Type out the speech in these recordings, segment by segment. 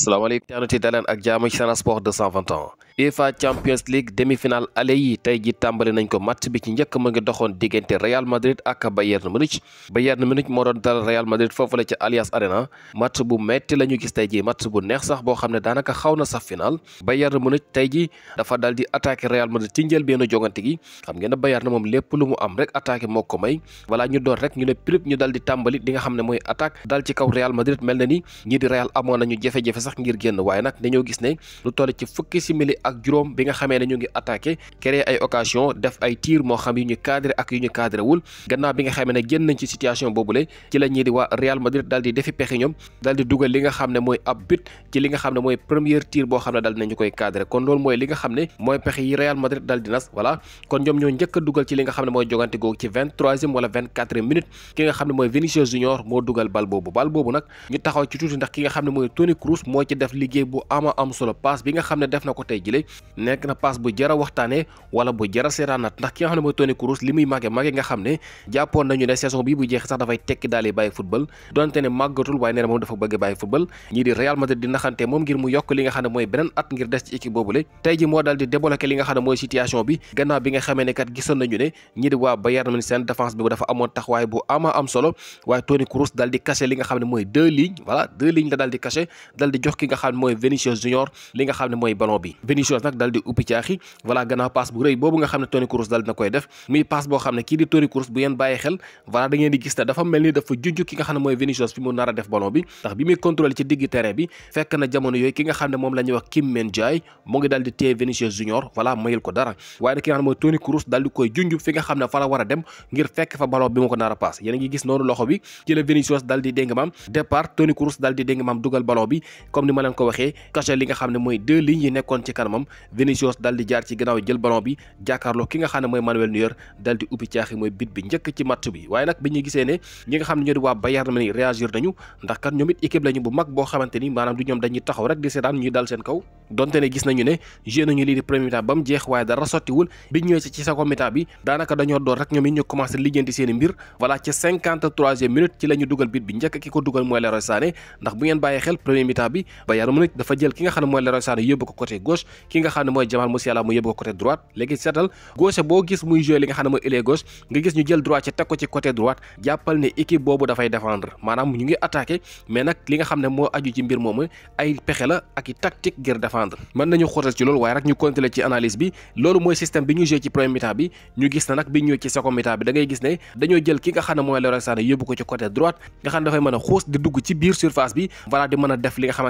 salaamaaleykum internet yi daleen ak jaamu Champions League demi-finale aller yi tey ji tàmbali nañ ko match bi ci njëkk ma ngi doxoon diggante Real Madrid ak Bayern Munich Bayern Munich na moom lépp lu mu am rek attaqué moo may voilà ñu doon rek ñu ne prip ñu dal tàmbali li xam ne mooy attaque dal ci kaw Real Madrid mel na ni ñii di Real amoon nañu jafe-jafe sax sax ngir génn waaye nag dañoo gis ne lu toll ci fukki simili ak juróom bi nga xamee ne ñu ngi attaqué ay occasion def ay tir moo xam yu ñu cadré ak yu ñu cadré gannaaw bi nga xamee ne génn nañ ci situation boobule ci la ñii waa Real Madrid daal defi pexe ñoom daal dugal li nga xam ne mooy ab but ci li nga xam ne mooy première tir boo xam ne daal dinañu koy cadré kon loolu mooy li nga xam ne mooy pexe yi Real Madrid daal nas moo ci def liggéey bu ama am solo paas bi nga xam ne def na ko tey jile nekk na paas bu jara waxtaanee wala bu jara seetaanaat ndax ki nga xam ne mooy Toni Kroos li di bàyyi football donte ne li nga xam ne mooy beneen at ngir des ci la daal di caché daal di jox ki nga xam ne mooy Vinicius Junior li nga xam ne mooy ballon bi Vinicius nag dal di uppi caaxi voilà gannaaw passe bu rëy boobu nga xam ne Toni Kroos dal di a def ballon bi ndax na jamono yooyu ngi dal di téye koy junj fi nga xam ne fa la war a dem ngir fekk fa ballon bi mu ko nar a passe yéen ngi gis noonu loxo bi ci la Vinicius dal di déng maam départ Toni dal di déng dugal ballon bi comme ni ma leen ko waxee caché li nga xam ne mooy deux lignes yi nekkoon ci kanamam Vinicius dal di jaar ci gannaaw jël ballon bi jàkkaarloo ki nga xam ne mooy Manuel Neuer dal di ubbi caaxi mooy bit bi njëkk ci match bi waaye nag bi ñu gisee ne ñi nga xam ne ñoo di waa Bayern Munich réagir nañu ndax kat ñoom it équipe lañu bu mag boo xamante ni maanaam du ñoom dañuy taxaw rek di seetaan ñuy dal seen kaw donte ne gis nañu ne joué nañu bi Bayern Munich dafa jël ki nga xam ne mooy Leroy Sané yóbbu ko côté droit nga xam ne da ngay dafay mën a xuus di dugg ci biir surface bi voilà di mën a def li nga xam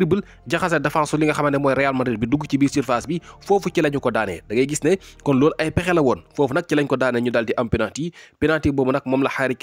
dribble jaxase défense li nga xamante mooy Real Madrid bi dugg ci biir surface bi foofu ci la ko daanee da gis ne kon loolu ay pexe la woon foofu nag ci lañ ko daanee ñu daal am penalty penalty boobu nag moom la Harry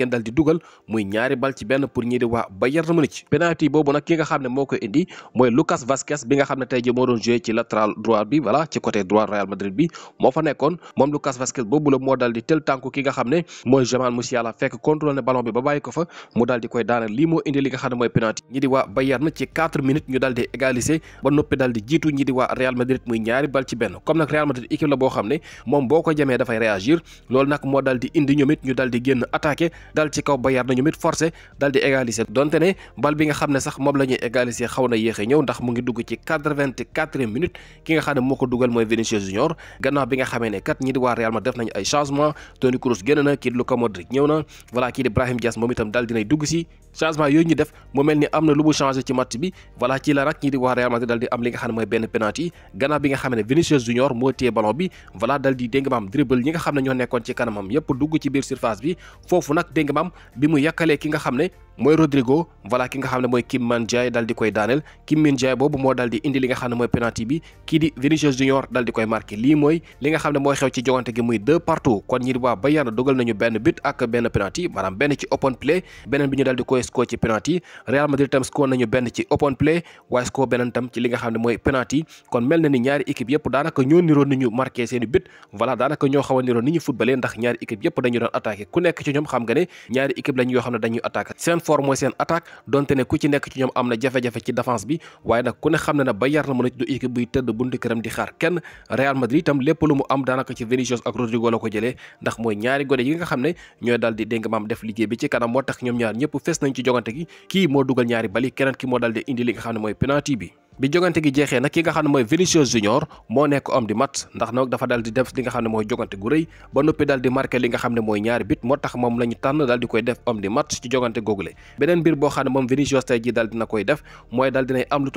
daal di égaliser ba noppi daal di jiitu ñi di waa Real Madrid muy ñaari bal ci benn comme nag Real Madrid équipe la boo xam ne moom boo ko jamee dafay réagir loolu nag moo daal di indi ñoom ñu daal di génn attaqué daal ci kaw Bayern na ñoom it forcé di égaliser donte ne bal bi nga xam ne sax moom la ñuy xaw na yéexe ñëw ndax mu ngi dugg ci quatre-vingt-quatre minutes ki nga xam ne moo ko dugal mooy Vinicius Junior gannaaw bi nga xamee ne kat ñi la nag ñi di wax Real Madrid dal am li nga xam ne mooy benn penalty gannaaw bi nga xam ne Vinicius Junior moo téye ballon bi voilà dal di dégg maam dribble ñi nga xam ne ñoo nekkoon ci kanamam yépp dugg ci biir surface bi foofu nag dégg maam bi mu yàkkalee ki nga xam ne mooy Rodrigo voilà ki nga xam ne mooy Kim Man Jae dal di koy daaneel Kim Man Jae boobu moo dal di indi li nga xam ne mooy penalty bi kii di Vinicius Junior dal di koy marqué lii mooy li nga xam ne mooy xew ci jogante gi muy deux partout benn ak benn penalty maanaam benn ci open play beneen bi ñu dal di koy benn tam ci li nga xam ne mooy penalty kon mel na ni ñaari équipe yëpp daanaka ñoo a niroo ni ñu footballé ndax ñaari équipe yëpp dañu doon attaqué ku nekk ci ñoom xam ne ñaari équipe lañ yoo xam ne dañuy attaqué fort mooy seen attaque donte ne ku ci nekk ci ñoom am na jafe-jafe ci défense bi waaye nag ku ne xam ne ne Bayern mën na ci du équipe buy tëdd buntu këram di xaar kenn Real Madrid itam lépp lu mu am daanaka ci Vinicius ak Rodrigo la ko jëlee ndax mooy ñaari gone yi nga xam ne ñooy daal di dénk maam def liggéey bi ci kanam moo tax ñoom ñaar ñëpp fees nañ ci jogante gi kii moo dugal ñaari bali keneen ki moo daal di indi li nga xam ne mooy penalty bi bi jogante gi jeexee nag ki nga xam ne mooy Vinicius Junior moo nekk homme du match ndax nag dafa dal di def li nga xam ne mooy jogante gu rëy ba noppi dal di marqué li nga xam ne mooy ñaari bit moo tax moom la ñu tànn dal koy def homme du match ci jogante googule beneen mbir boo ne moom Vinicius tey ji dal dina koy def mooy dal dinay am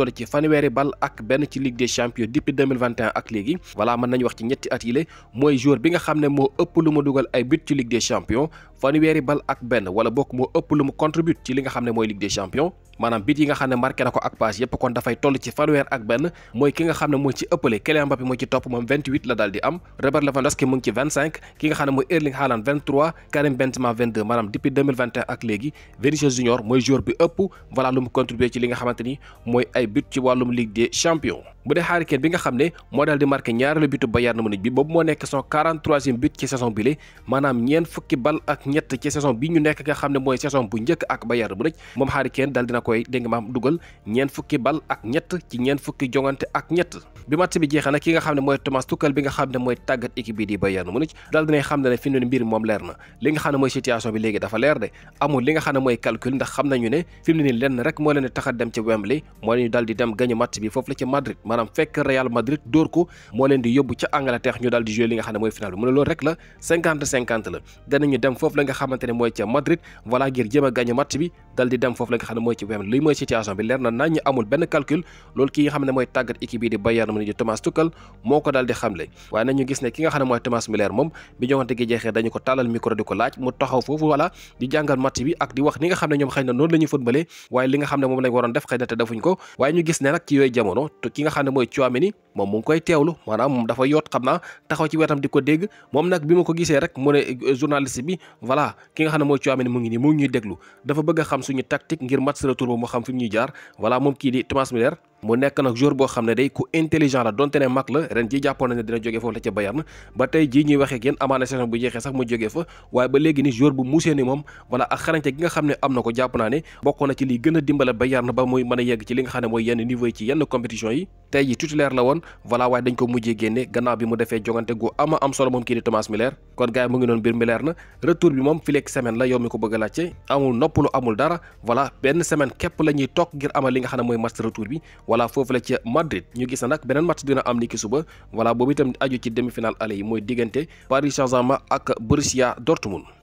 ak benn ci Ligue des Champions depuis 2021 ak léegi voilà mën nañu wax ci ñetti at yile mooy bi nga xam ne moo ëpp lu mu dugal ay but ci Ligue des Champions fanweeri bal ak benn wala bokk moo ëpp lu mu contribute ci li nga xam ne mooy Ligue des Champions maanaam bit yi nga xam ne marqué na ko ak passe yépp kon dafay toll ci fanweer ak benn mooy ki nga xam ne moo ci ëppale Kylian Mbappé moo ci topp moom 28 la daal di am Robert Lewandowski mu ngi ci 25 ki nga xam ne mooy Erling Haaland Karim Benzema 22 maanaam depuis ak léegi Vinicius Junior mooy joueur bi ëpp voilà lu mu contribué ci li nga xamante ni mooy ay but ci wàllum Ligue des Champions bu dee Harry Kane bi nga xam ne moo daal di marqué ñaareelu bitu Bayern Munich bi boobu moo nekk son 43e but ci saison bi maanaam ñeent fukki bal ak ñett ci saison bi ñu nekk nga xam ne mooy saison bu njëkk ak Bayern Munich moom Harry Kane daal dina koy dégg maam dugal ñeent fukki bal ak ñett ci ñeent fukki jongante ak ñett bi match bi jeexee nag ki nga xam ne mooy Thomas Tuchel bi nga xam ne mooy tàggat équipe bi di Bayern Munich daal dinay xam ne ne fi mu ne mbir moom leer na li nga xam ne mooy situation bi léegi dafa mu ne rek moo leen a dem ci Wembley moo leen daal di bi foofu la maanaam fekk Real Madrid dóor ko moo leen di yóbbu ca Angleterre ñu daal di jouer li nga xam ne mooy final bi mu ne loolu rek la cinquante cinquante la danañu dem foofu la nga xamante ne mooy ca Madrid voilà ngir jéem a gagné match bi dal di dem foofu la nga xam ne mooy ci wem li mooy situation bi leer na nañ ñu amul benn calcul loolu ki nga xam ne mooy tàggat équipe yi di Bayern Munich di Thomas Tuchel moo ko daal di xamle waaye nañu gis ne ki nga xam ne mooy Thomas Müller moom bi ñëwante gi jeexee dañu ko tàllal micro di ko laaj mu taxaw foofu voilà di jàngal match bi ak di wax ni nga xam ne ñoom xëy na noonu la ñuy footballé waaye li nga xam ne moom lañ waroon def xëy na te defuñ ko waaye ñu gis ne nag ci yooyu jamono ki nga xam ne mooy Tchouaméni moom mu ngi koy teewlu maanaam dafa yoot xam naa taxaw ci wetam di ko dégg moom nag bi ma ko gisee rek mu ne journaliste bi voilà ki nga xam ne mooy Tchouaméni mu ngi nii mu ngi déglu dafa bëgg a xam suñu tactique ngir match retour ba mu xam fi ñuy jaar voilà moom kii di Thomas mu nekk nag joueur boo xam ne day ku intelligent la donte ne mag la ren ji jàppoon nañ ne dina jógee foofu la ca Bayern ba tey jii ñuy waxee ak yéen amaana saison bu jeexee sax mu jógee fa waaye ba léegi ni joueur bu muusee ni moom voilà ak xarañte gi nga xam ne am na ko jàpp naa ne bokk na ci liy gën a dimbale Bayern ba muy mën a yegg ci li nga xam ne mooy yenn niveau yi ci yenn compétition yi tey ji titulaire la woon voilà waaye dañ ko mujjee génne bi mu defee jongante gu ama am solo moom kii di Thomas Müller kon gars yi mu ngi noonu biir Müller na retour bi moom fileeg semaine la a laajte amul noppalu amul dara voilà benn képp la ñuy toog ngir amal li nga xam ne mooy match bi voilà foofu la ca Madrid ñu gis na nag beneen match dina am ni ki suba voilà boobu itam aju ci demi-finale aller yi mooy diggante Paris Saint-Germain ak Borussia Dortmund